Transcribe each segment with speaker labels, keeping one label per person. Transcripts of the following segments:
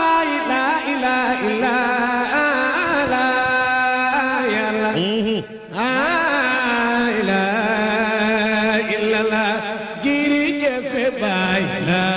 Speaker 1: baay laa ilaaha illallaah laa ilaaha illallaah jiri laa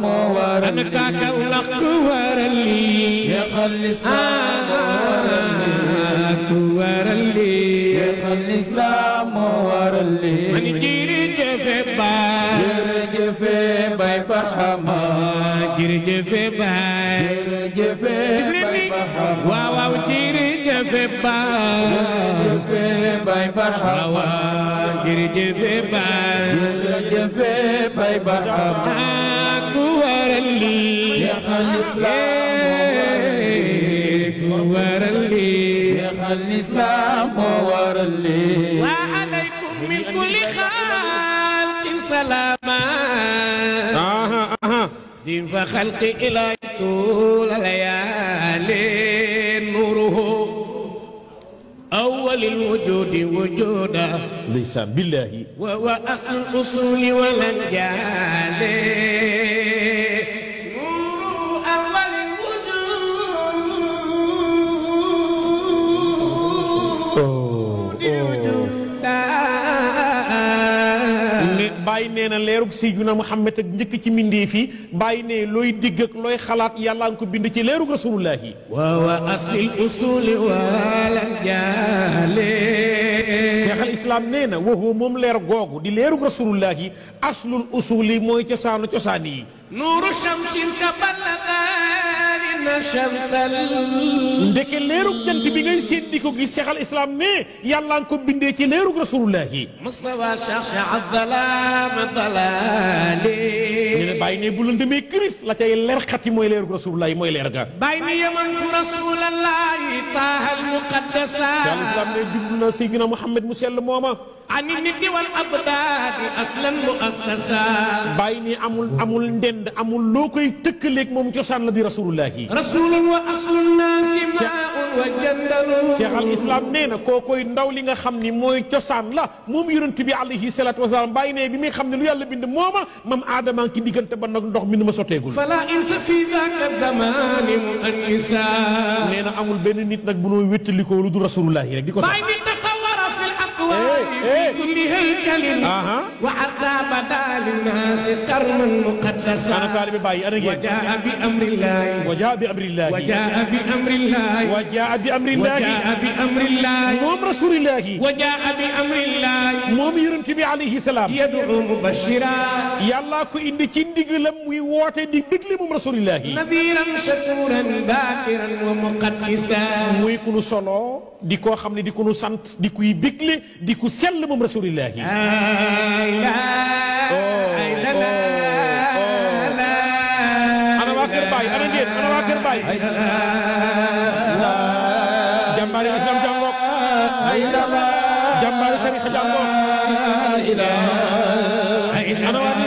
Speaker 1: moo waral lii ana kaw lakk waral lii. Seexal Islaam moo waral lii. Seexal Islaam moo waral lii. man jërëjëf baay. jërëjëf baay Barhama. jërëjëf baay. jërëjëf baay Barhama. waaw waaw jërëjëf baay. jërëjëf baay Barhama. jërëjëf baay. jërëjëf baay Barhama. الإسلام ورا لي شيخ الإسلام نور اللي وعليكم من كل خلق سلاما دين فخلق إلى طول الليالي نوره أول
Speaker 2: الوجود وجودا ليس بالله
Speaker 1: وهو أصل الأصول والأنجال
Speaker 2: ne bàyyi nee na leerug Seydina Muhammad ak njëkk ci mbindéef yi bàyyi nee looy digg ak looy xalaat yàlla nga ko bind ci leerug rasulullah yi waawa aslil usuli wala jaale cheikh al nee na waxoo moom leer googu di leerug rasulullah yi aslul usuli mooy cosaanu cosaan yi ndeke leerug jant bi ngay séen di ko gis Cheikh al Islam ne yàlla nga ko bindee ci leerug rasulullah yi. bàyyi ne bu lëndëmee kiris la cay leer xati mooy leer gu rasulullahi mooy leer ga bàyyi ne yamantu rasulallahi taahal muqaddasa al islam ne jublu na sayyidina Muhammad mu sell mooma ani nit di wal abdaadi aslan mu assasa bàyyi ne amul amul ndend amul loo koy tëkkaleeg moom cosaan la di rasulullahi rasulun wa aslun naasi cheikh al islam nee na kookoy ndaw li nga xam ni mooy cosaan la moom yonent bi alayhi salaatu wa salaam bàyyi ne bi muy xam ne lu yàlla bind mooma mam aadama ki diggante ba nag ndox mi nu ma sotteegul nee na amul benn nit nag bu noo wéttali ko lu dul rasulullahi rek di ko sax أنا طالب باي أنا وجاء بأمر الله وجاء بأمر الله وجاء بأمر الله وجاء بأمر الله وجاء بأمر الله موم رسول الله وجاء بأمر الله موم يرنت بي عليه السلام يدعو مبشرا يلا كو إندي كندقلم ويواتي دي بقلي موم رسول الله نذيرا شكورا باكرا ومقدسا ويكون صلو دي كو خمني دي كونو سانت دي كوي بقلي دي كو سل موم رسول الله لا إله jàmbaari islam jàngoo
Speaker 1: jàmbaari tarixa jàngoo ana waa